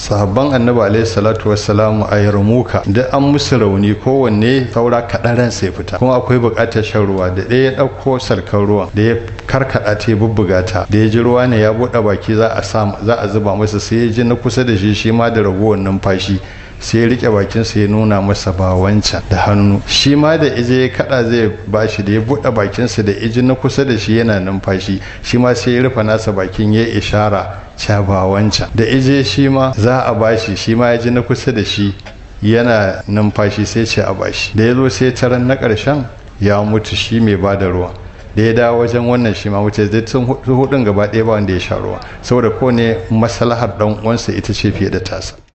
sahabban annabi alaihi salatu wassalamu a yarmuka da an musu rauni kowanne saura kaɗan ran sai fita kuma akwai buƙatar shan ruwa da ɗaya ya ɗauko sarkar ruwan da ya karkaɗa ta bubbuga ta da ya ji ruwa ne ya buɗe baki za a za a zuba masa sai ya ji na kusa da shi shi ma da ragowar numfashi sai ya rike bakin sa ya nuna masa ba wancan da hannu shi ma da ije ya kada zai bashi da ya buɗe bakin sa da iji na kusa da shi yana numfashi shi ma sai ya rufe nasa bakin ya ishara cha ba wancan da ije shi ma za a bashi shi ma ya ji na kusa da shi yana numfashi sai ce a bashi da ya zo sai taran na karshen ya mutu shi mai ba da ruwa da ya dawo wajen wannan shi ma wuce zai sun hudun gaba ɗaya ba wanda ya sha ruwa saboda ko ne masalahar ɗan uwansa ita ce fiye da tasa